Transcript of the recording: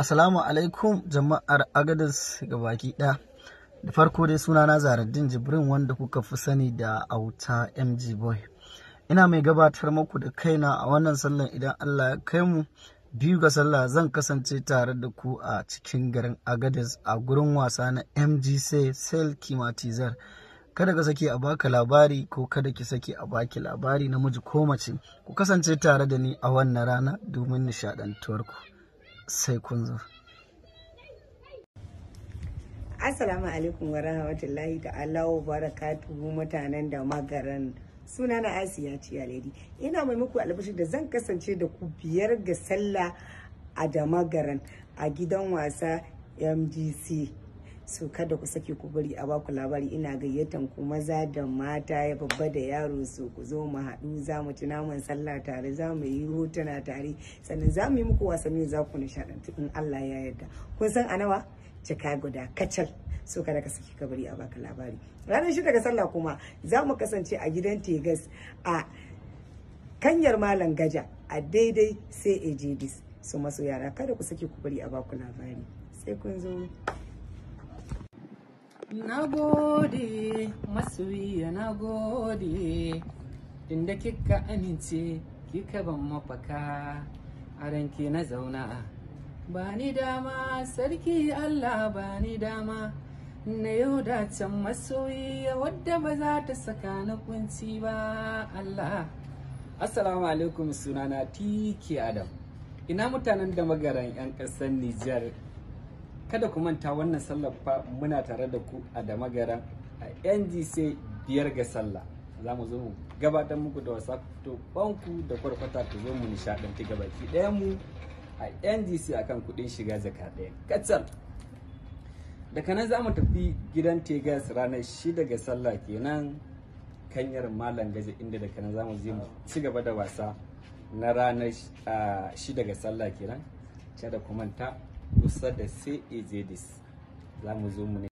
Assalamu alaikum jama'ar Agadis baki ɗaya. Da farko dai suna sunana Zaraddin Jibrin wanda kuka fi sani da auta MG Boy. Ina mai gabatar muku da kaina a wannan sallan idan Allah ya kai mu biyu ga sallah zan kasance tare da ku a cikin garin Agadis a gurin wasa na M.G. Sel Kimatizar. Kada ka sake a baka labari ko kada ki sake a baki labari namiji ko mace ku kasance tare da ni a wannan rana domin ku sai kun zo Assalamu alaikum wa rahmatullahi ta'ala wa barakatuhu mutanen da magaran suna na Asiya ce lady ina mai muku albashi da zan kasance da ku biyar ga sallah a da magaran a gidan wasa MGC su kada ku sake ku bari a baku labari ina gayyatan ku maza da mata ya babba da yaro su ku zo mu haɗu za mu ci naman sallah tare za mu yi hotuna tare sannan za mu yi muku wasanni za ku nishaɗantu in Allah ya yarda kun san a nawa cika guda kacal so kada ka saki ka bari a baka labari ranar shida ga sallah kuma za mu kasance a gidan Tegas a kanyar malam gaja a daidai sai ejidis su masu yara kada ku sake ku bari a baku labari sai kun zo Na gode masoyiya na gode inda kika amince kika ban mafaka a ranke na zauna. Ba ni dama sarki Allah ba ni dama na yau dacen masoyiya wadda ba za ta saka na kunci ba Allah. Assalamu alaikum sunana tiki Adam. Ina mutanen da magaran 'yan ƙasar Nijar kada ku manta wannan sallar fa muna tare da ku a damagara a NGC biyar ga sallah za mu zo mu gabatar muku da wasa to banku da kwarkwata ku zo mu nishadanci gabaki ɗayan mu a NGC akan kuɗin shiga zaka ɗaya katsal daga nan za mu tafi gidan Tegas ranar shida ga sallah kenan kanyar malam gaje inda daga nan za mu je mu ci gaba da wasa na ranar ah, shida ga sallah kenan kada ku manta kusa da CAJDs e za mu zo mu